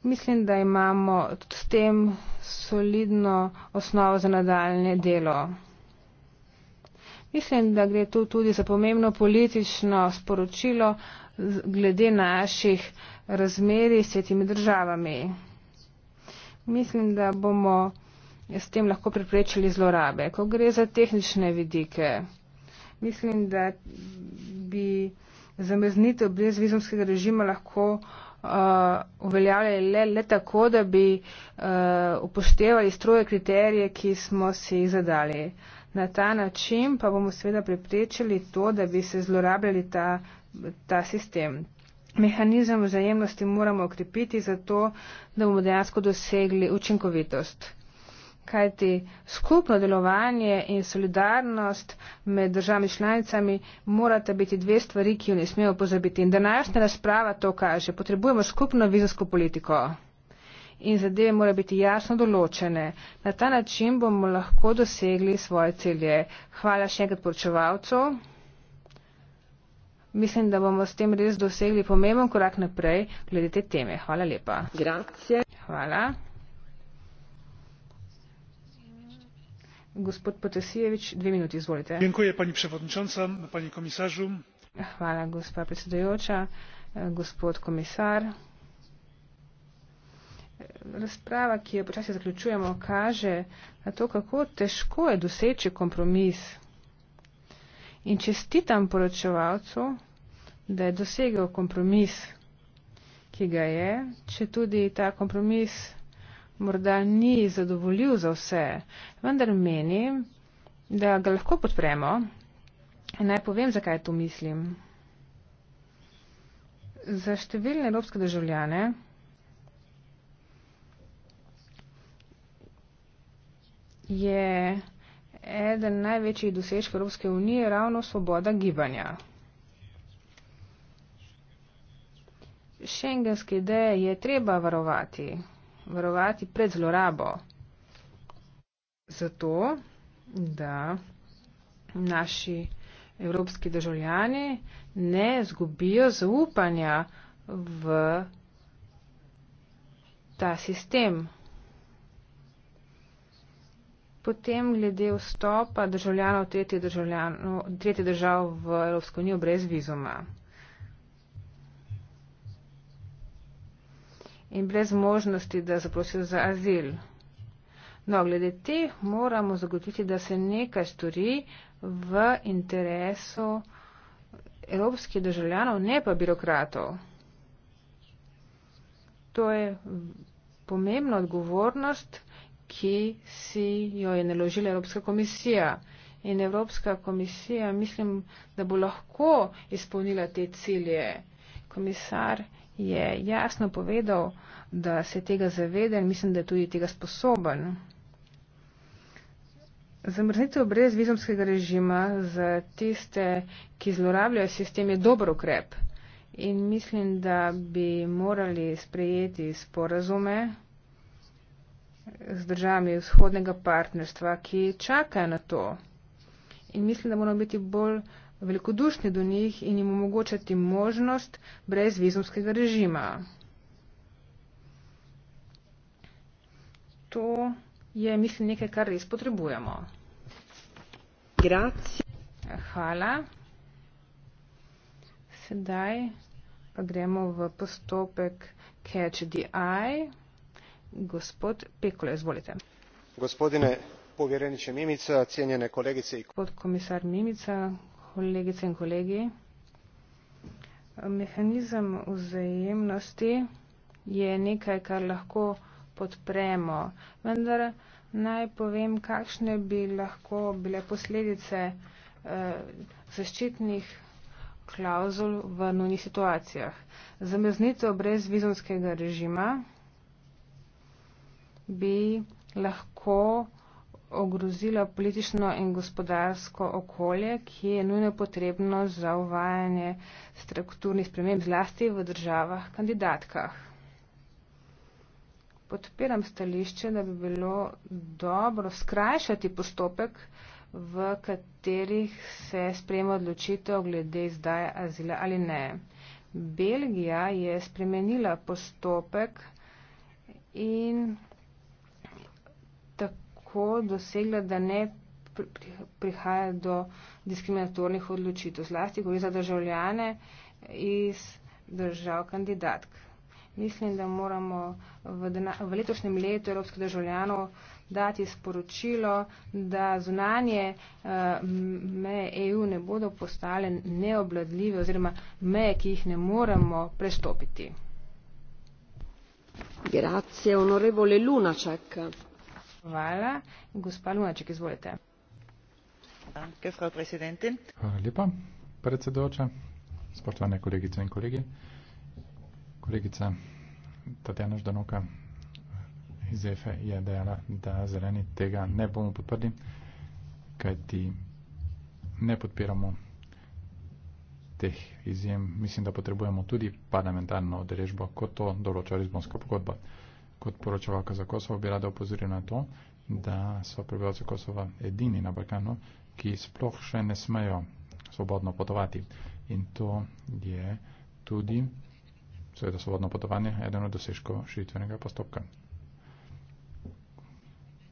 Mislim, da imamo s tem solidno osnovo za nadaljne delo. Mislim, da gre tu tudi za pomembno politično sporočilo glede naših razmeri s tretjimi državami. Mislim, da bomo s tem lahko preprečili zlorabe. Ko gre za tehnične vidike, mislim, da bi zamrznitev brez vizumskega režima lahko uh, uveljavljali le, le tako, da bi uh, upoštevali stroje kriterije, ki smo si jih zadali. Uh, Na ta način pa bomo seveda preprečili to, da bi se zlorabljali ta, ta sistem. Mehanizem vzajemnosti moramo okrepiti zato, da bomo dejansko dosegli učinkovitost. Kajti skupno delovanje in solidarnost med državami članicami morata biti dve stvari, ki jo ne smemo pozabiti. In današnja razprava to kaže. Potrebujemo skupno vizijsko politiko in zadeve morajo biti jasno določene. Na ta način bomo lahko dosegli svoje cilje. Hvala še enkrat poročevalcu. Mislim, da bomo s tem res dosegli pomemben korak naprej glede te teme. Hvala lepa. Grazie. Hvala. Gospod Potesijevič, dve minuti, izvolite. Dziękuję, pani przewodnicząca, pani komisarzu. Hvala, gospa predsedujoča, gospod komisar razprava, ki jo počasi zaključujemo, kaže na to, kako težko je doseči kompromis. In čestitam poročevalcu, da je dosegel kompromis, ki ga je, če tudi ta kompromis morda ni zadovoljiv za vse, vendar menim, da ga lahko podpremo. In naj povem, zakaj to mislim. Za številne evropske državljane, je eden največjih dosežk Evropske unije ravno svoboda gibanja. Šengenske ideje je treba varovati, varovati pred zlorabo, zato da naši evropski državljani ne zgubijo zaupanja v ta sistem potem glede vstopa državljanov tretje, državljano, tretje držav v Evropsko unijo brez vizuma. In brez možnosti, da zaprosijo za azil. No, glede te moramo zagotoviti, da se nekaj stori v interesu evropskih državljanov, ne pa birokratov. To je pomembna odgovornost, ki si jo je naložila Evropska komisija. In Evropska komisija mislim, da bo lahko izpolnila te cilje. Komisar je jasno povedal, da se tega zaveda in mislim, da je tudi tega sposoben. Zamrznitev brez vizumskega režima za tiste, ki zlorabljajo sistem, je dober ukrep. In mislim, da bi morali sprejeti sporazume z državami vzhodnega partnerstva, ki čakajo na to. In mislim, da moramo biti bolj velikodušni do njih in jim omogočati možnost brez vizumskega režima. To je, mislim, nekaj, kar res potrebujemo. Grazie. Hvala. Sedaj pa gremo v postopek Catch the Eye gospodine povjerenie mimica cijenjene kolegice i kolege gospod komesar mimica kolegice in kolegi mehanizem vzajemnosti je nekaj kar lahko podpremo vendar naj povem kakšne bi lahko bile posledice eh, zaščitnih klauzul v nujnih situacijah zamrznitev brezvizumskega režima bi lahko ogrozila politično in gospodarsko okolje, ki je nujno potrebno za uvajanje strukturnih sprememb zlasti v državah kandidatkah. Podpiram stališče, da bi bilo dobro skrajšati postopek, v katerih se sprejema odločitev glede izdaje azila ali ne. Belgija je spremenila postopek in lahko dosegla, da ne prihaja do diskriminatornih odločitev. Zlasti govori za državljane iz držav kandidatk. Mislim, da moramo v, v letošnjem letu evropskih državljanov dati sporočilo, da zunanje uh, meje EU ne bodo postale neobladljive oziroma meje, ki jih ne moremo prestopiti. Grazie, onorevole Lunaček. Hvala. Gospa Lunaček, izvolite. Hvala lepa, predsedoča, spoštovane kolegice in kolegi. Kolegica Tatjana Ždanoka iz EFE je dejala, da zeleni tega ne bomo podprli, kajti ne podpiramo teh izjem. Mislim, da potrebujemo tudi parlamentarno odrežbo, kot to določa Lizbonska pogodba kot poročevalka za Kosovo, bi rada opozorila na to, da so prebivalci Kosova edini na Balkanu, ki sploh še ne smejo svobodno potovati. In to je tudi, seveda, svobodno potovanje, eden od dosežkov širitvenega postopka.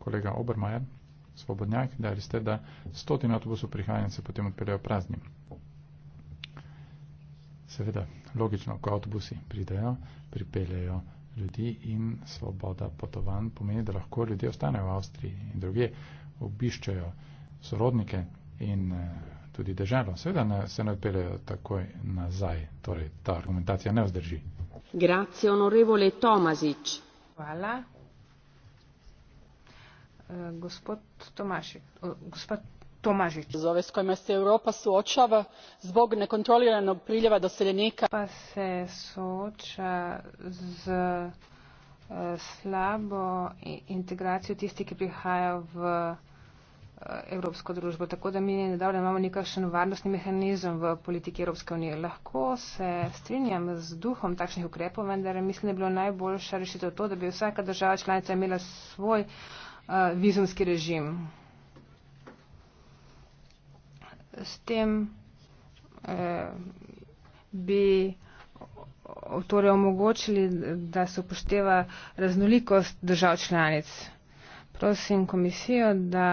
Kolega Obermajer, svobodnjak, dali ste, da stotine avtobusov prihajanja se potem odpeljajo prazni. Seveda, logično, ko avtobusi pridejo, pripeljajo ljudi in svoboda potovanj pomeni, da lahko ljudje ostanejo v Avstriji in druge obiščajo sorodnike in eh, tudi državo. Seveda ne, se ne odpeljejo takoj nazaj, torej ta argumentacija ne vzdrži. Grazie, onorevole Tomazič. Hvala. Uh, gospod Tomašek, uh, gospod izazove s kojima se europa suočava zbog nekontroliranog priljeva doseljenika. europa se sooča s eh, slabo integracijo tistih ki prihajajo v eh, evropsko družbo tako da mi ne da imamo nikakšen varnostni mehanizem v politiki evropske unije. lahko se strinjam z duhom takšnih ukrepov vendar mislim da je bilo najboljša rešitev to da bi vsaka država članica imela svoj uh, vizumski režim s tem eh, bi torej omogočili, da se upošteva raznolikost držav članic. Prosim komisijo, da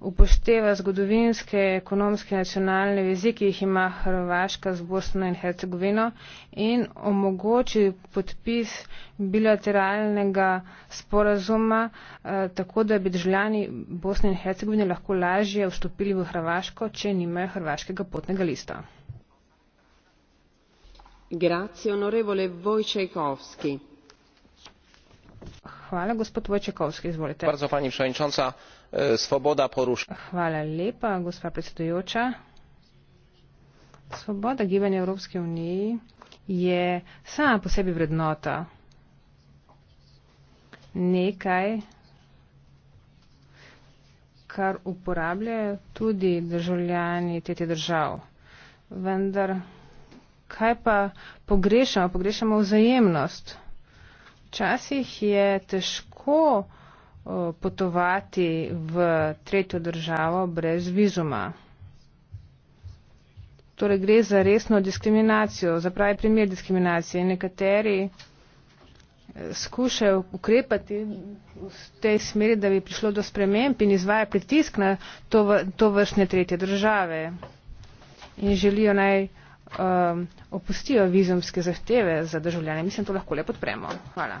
upošteva zgodovinske, ekonomske, nacionalne vezi, ki jih ima Hrvaška z Bosno in Hercegovino in omogoči podpis bilateralnega sporazuma, eh, tako da bi državljani Bosne in Hercegovine lahko lažje vstopili v Hrvaško, če nimajo hrvaškega potnega lista. Grazie, onorevole Wojciechowski. Hvala, gospod Wojciechowski, izvolite. Bardzo, pani przewodnicząca. E, svoboda poruša. Svoboda gibanja Evropske unije je sama po sebi vrednota. Nekaj, kar uporabljajo tudi državljani tete držav. Vendar, kaj pa pogrešamo? Pogrešamo vzajemnost. Včasih je težko Eh, potovati v tretjo državo brez vizuma. Torej gre za resno diskriminacijo, za pravi primer diskriminacije. Nekateri eh, skušajo ukrepati v tej smeri, da bi prišlo do sprememb in izvaja pritisk na to, to vrstne tretje države in želijo naj um, opustijo vizumske zahteve za državljane. Mislim, to lahko le podpremo. Hvala.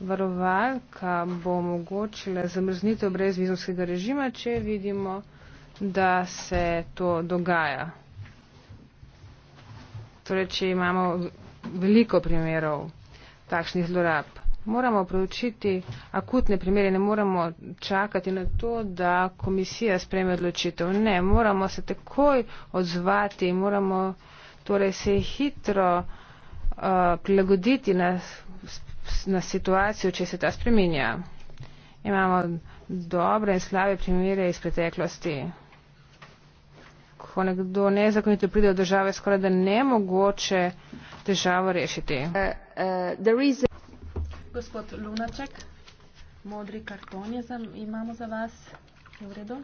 varovalka bo omogočila zamrznitev brez vizumskega režima, če vidimo, da se to dogaja. Torej, če imamo veliko primerov takšnih zlorab, moramo preučiti akutne primere, ne moramo čakati na to, da komisija spreme odločitev. Ne, moramo se takoj odzvati, moramo torej se hitro uh, prilagoditi na na situacijo, če se ta spreminja. Imamo dobre in slabe primere iz preteklosti. Ko nekdo nezakonito pride v države, skoraj da nemogoče težavo rešiti. Uh, uh, is... Gospod Lunaček, modri karton za, imamo za vas. Je v redu?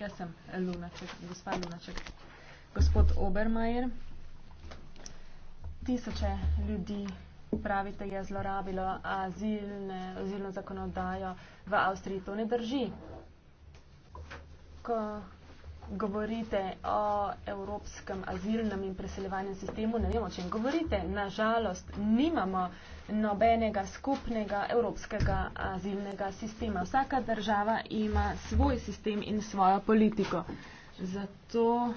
Jaz sem Lunaček, gospod Lunaček. Gospod Obermajer tisoče ljudi, pravite, je zlorabilo azilne, azilno zakonodajo v Avstriji. To ne drži. Ko govorite o evropskem azilnem in preseljevanjem sistemu, ne vem, o čem govorite. Nažalost, nimamo nobenega skupnega evropskega azilnega sistema. Vsaka država ima svoj sistem in svojo politiko. Zato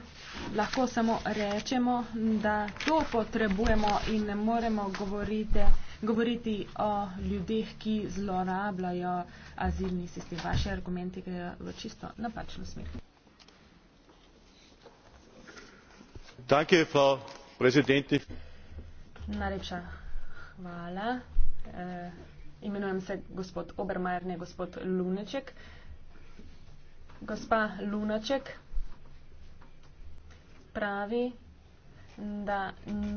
lahko samo rečemo, da to potrebujemo in ne moremo govoriti, govoriti o ljudeh, ki zlorabljajo azilni sistem. Vaše argumenti grejo v čisto napačno smer. Danke, Frau Präsidentin. Najlepša hvala. E, imenujem se gospod Obermajer, ne gospod Luneček. Gospa Luneček pravi, da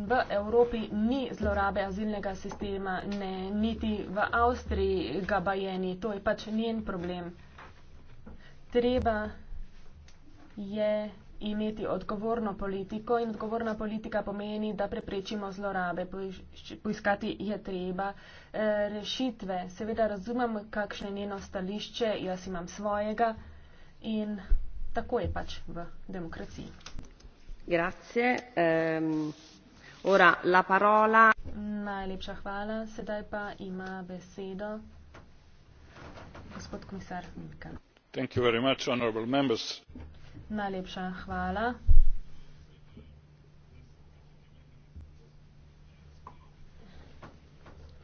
v Evropi ni zlorabe azilnega sistema, ne, niti v Avstriji ga bajeni, to je pač njen problem. Treba je imeti odgovorno politiko in odgovorna politika pomeni, da preprečimo zlorabe. Poiskati je treba e, rešitve. Seveda razumem, kakšne njeno stališče, jaz imam svojega in tako je pač v demokraciji. Ehm, Najlepša hvala. Sedaj pa ima besedo gospod komisar Mika. Thank you very much, honorable members. Najlepša hvala.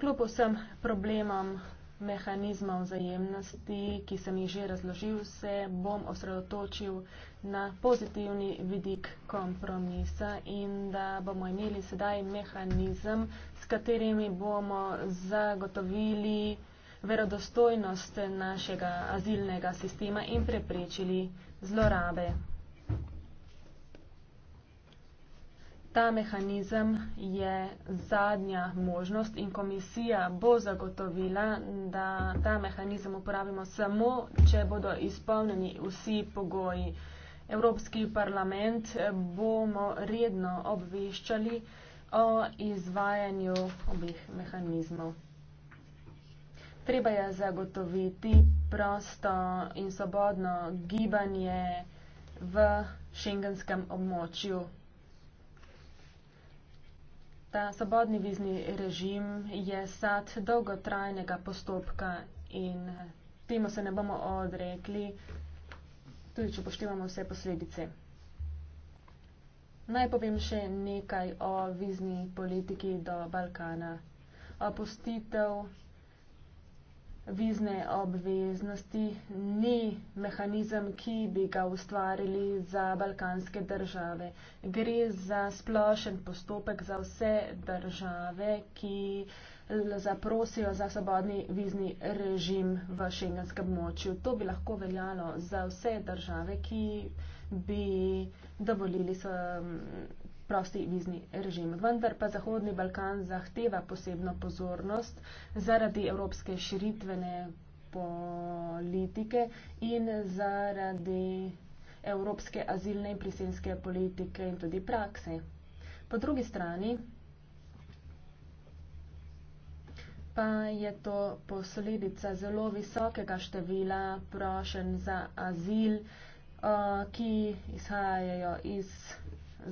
Kljub vsem problemom mehanizmov zajemnosti, ki sem jih že razložil, se bom osredotočil na pozitivni vidik kompromisa in da bomo imeli sedaj mehanizem, s katerimi bomo zagotovili verodostojnost našega azilnega sistema in preprečili zlorabe. Ta mehanizem je zadnja možnost in komisija bo zagotovila, da ta mehanizem uporabimo samo, če bodo izpolneni vsi pogoji. Evropski parlament eh, bomo redno obveščali o izvajanju obih mehanizmov. Treba je zagotoviti prosto in svobodno gibanje v šengenskem območju. Ta svobodni vizni režim je sad dolgotrajnega postopka in temu se ne bomo odrekli, tudi če poštevamo vse posledice. Naj povem še nekaj o vizni politiki do Balkana. Opustitev vizne obveznosti ni mehanizem, ki bi ga ustvarili za balkanske države. Gre za splošen postopek za vse države, ki uh, zaprosijo za svobodni vizni režim v šengenskem močju. To bi lahko veljalo za vse države, ki bi dovolili s mm, prosti vizni režim. Vendar pa Zahodni Balkan zahteva posebno pozornost zaradi evropske širitvene politike in zaradi evropske azilne in priseljenske politike in tudi prakse. Po drugi strani pa je to posledica zelo visokega števila prošen za azil, eh, ki izhajajo iz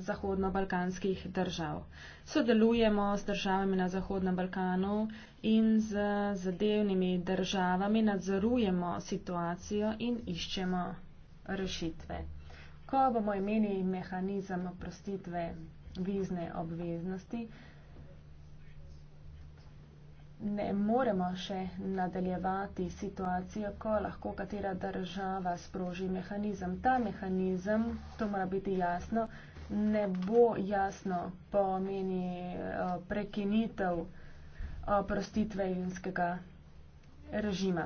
zahodno-balkanskih držav. Sodelujemo s državami na Zahodnem Balkanu in z zadevnimi državami nadzorujemo situacijo in iščemo rešitve. Ko bomo imeli mehanizem oprostitve vizne obveznosti, ne moremo še nadaljevati situacijo, ko lahko katera država sproži mehanizem. Ta mehanizem, to mora biti jasno, ne bo jasno pomeni eh, prekinitev eh, oprostitve junskega režima.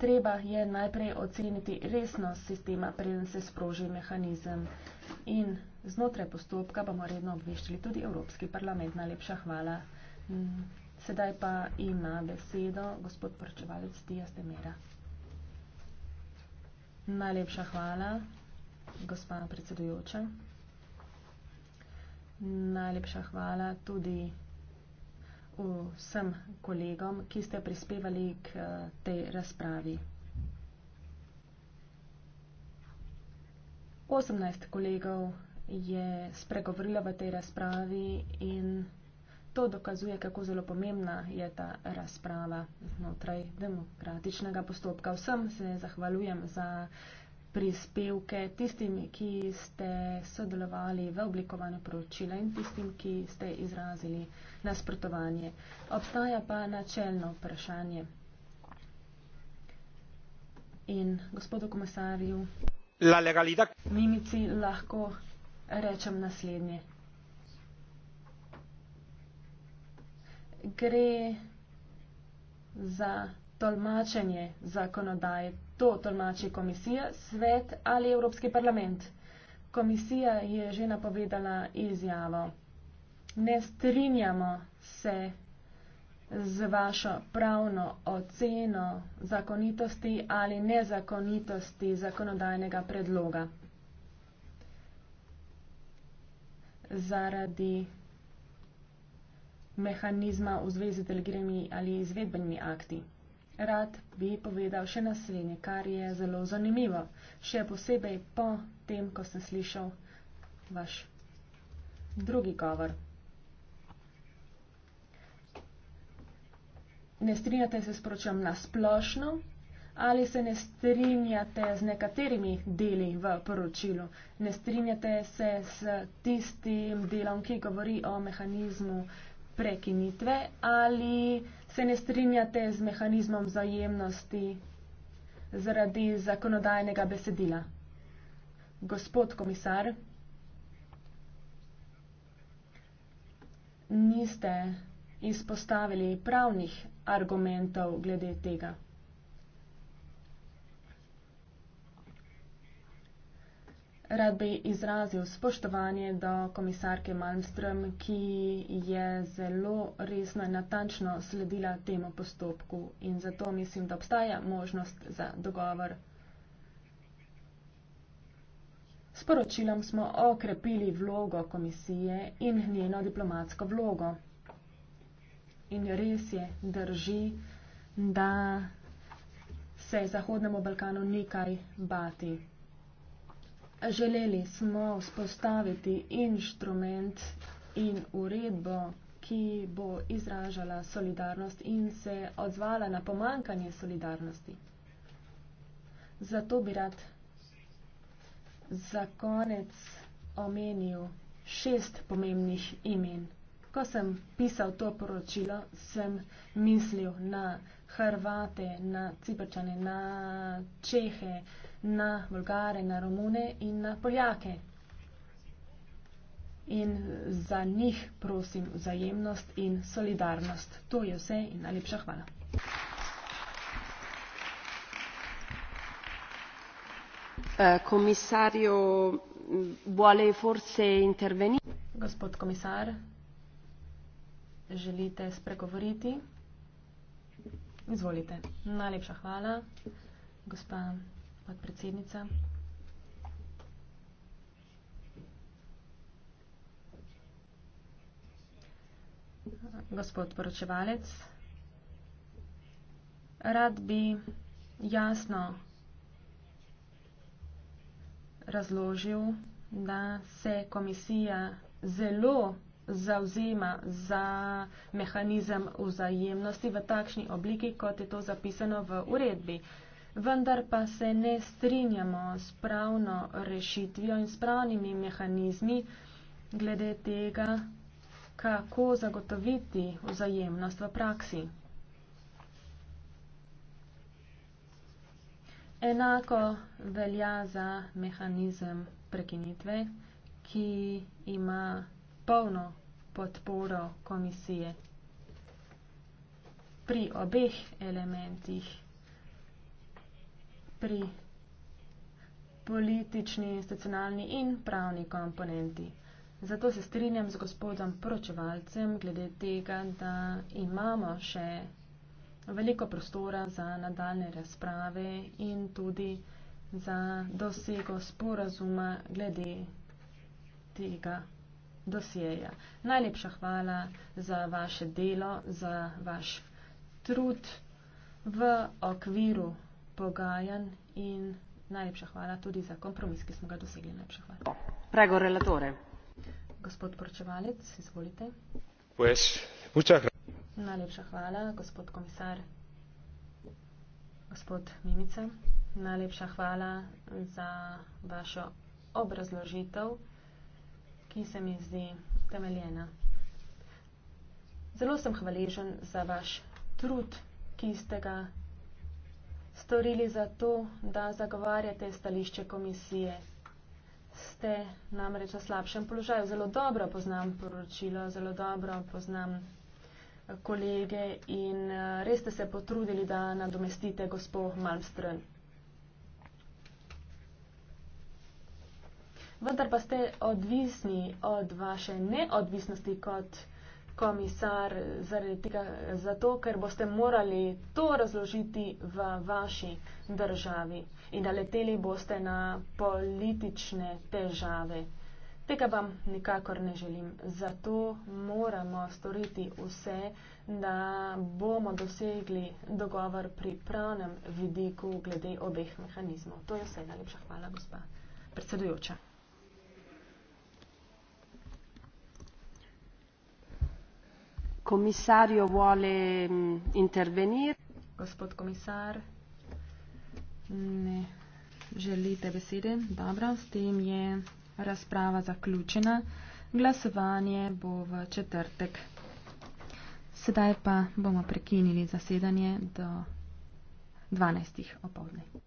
Treba je najprej oceniti resnost sistema, preden se sproži mehanizem. In znotraj postopka bomo redno obveščali tudi Evropski parlament. Najlepša hvala. Sedaj pa ima besedo gospod poročevalec Tija Stemera. Najlepša hvala, gospa predsedujoča. Najlepša hvala tudi vsem kolegom, ki ste prispevali k eh, tej razpravi. 18 kolegov je spregovorilo v tej razpravi in to dokazuje, kako zelo pomembna je ta razprava znotraj demokratičnega postopka. Vsem se zahvaljujem za prispevke, tistim, ki ste sodelovali v oblikovanju poročila in tistim, ki ste izrazili nasprotovanje. Obstaja pa načelno vprašanje. In gospodu komisarju. La legalidad. Mimici lahko rečem naslednje. gre za tolmačenje zakonodaje. To tolmači komisija, svet ali Evropski parlament. Komisija je že napovedala izjavo. Ne strinjamo se z vašo pravno oceno zakonitosti ali nezakonitosti zakonodajnega predloga. Zaradi mehanizma v zvezi z delegiranimi ali izvedbenimi akti. Rad bi povedal še naslednje, kar je zelo zanimivo, še posebej po tem, ko sem slišal vaš drugi govor. Ne strinjate se s poročam na splošno ali se ne strinjate z nekaterimi deli v poročilu? Ne strinjate se s tistim delom, ki govori o mehanizmu prekinitve ali se ne strinjate z mehanizmom zajemnosti zaradi zakonodajnega besedila? Gospod komisar, niste izpostavili pravnih argumentov glede tega. Rad bi izrazil spoštovanje do komisarke Malmström, ki je zelo resno in natančno sledila temu postopku in zato mislim, da obstaja možnost za dogovor. S poročilom smo okrepili vlogo komisije in njeno diplomatsko vlogo. In res je, drži, da se Zahodnemu Balkanu ni kaj bati. Želeli smo vzpostaviti inštrument in uredbo, ki bo izražala solidarnost in se odzvala na pomankanje solidarnosti. Zato bi rad za konec omenil šest pomembnih imen. Ko sem pisal to poročilo, sem mislil na Hrvate, na Ciprčane, na Čehe, na Bolgare, na Romune in na Poljake. In za njih prosim vzajemnost in solidarnost. To je vse in najlepša hvala. Eh, komisarju vuole forse interveni. Gospod komisar, želite spregovoriti? Izvolite. Najlepša hvala. Gospa podpredsednica. Gospod poročevalec, rad bi jasno razložil, da se komisija zelo zauzema za mehanizem vzajemnosti v takšni obliki, kot je to zapisano v uredbi vendar pa se ne strinjamo s pravno rešitvijo in s pravnimi mehanizmi glede tega, kako zagotoviti vzajemnost v praksi. Enako velja za mehanizem prekinitve, ki ima polno podporo komisije. Pri obeh elementih pri politični, institucionalni in pravni komponenti. Zato se strinjam z gospodom poročevalcem glede tega, da imamo še veliko prostora za nadaljne razprave in tudi za dosego sporazuma glede tega dosjeja. Najlepša hvala za vaše delo, za vaš trud v okviru pogajanj in najlepša hvala tudi za kompromis, ki smo ga dosegli. Najlepša hvala. Prego relatore. Gospod poročevalec, izvolite. Pues, najlepša hvala, gospod komisar. Gospod Mimica, najlepša hvala za vašo obrazložitev, ki se mi zdi temeljena. Zelo sem hvaležen za vaš trud, ki ste ga storili za to, da zagovarjate stališče komisije. Ste namreč v slabšem položaju. Zelo dobro poznam poročilo, zelo dobro poznam kolege in eh, res ste se potrudili, da nadomestite gospo Malmström. Vendar pa ste odvisni od vaše neodvisnosti kot komisije komisar, tega, zato ker boste morali to razložiti v vaši državi in naleteli boste na politične težave. Tega vam nikakor ne želim. Zato moramo storiti vse, da bomo dosegli dogovor pri pravnem vidiku glede obeh mehanizmov. To je vse. Najlepša hvala, gospa predsedujoča. commissario vuole mh, mm, intervenire. Gospod komisar, ne želite besede? Dobro, s tem je razprava zaključena. Glasovanje bo v četrtek. Sedaj pa bomo prekinili zasedanje do 12. opovdne.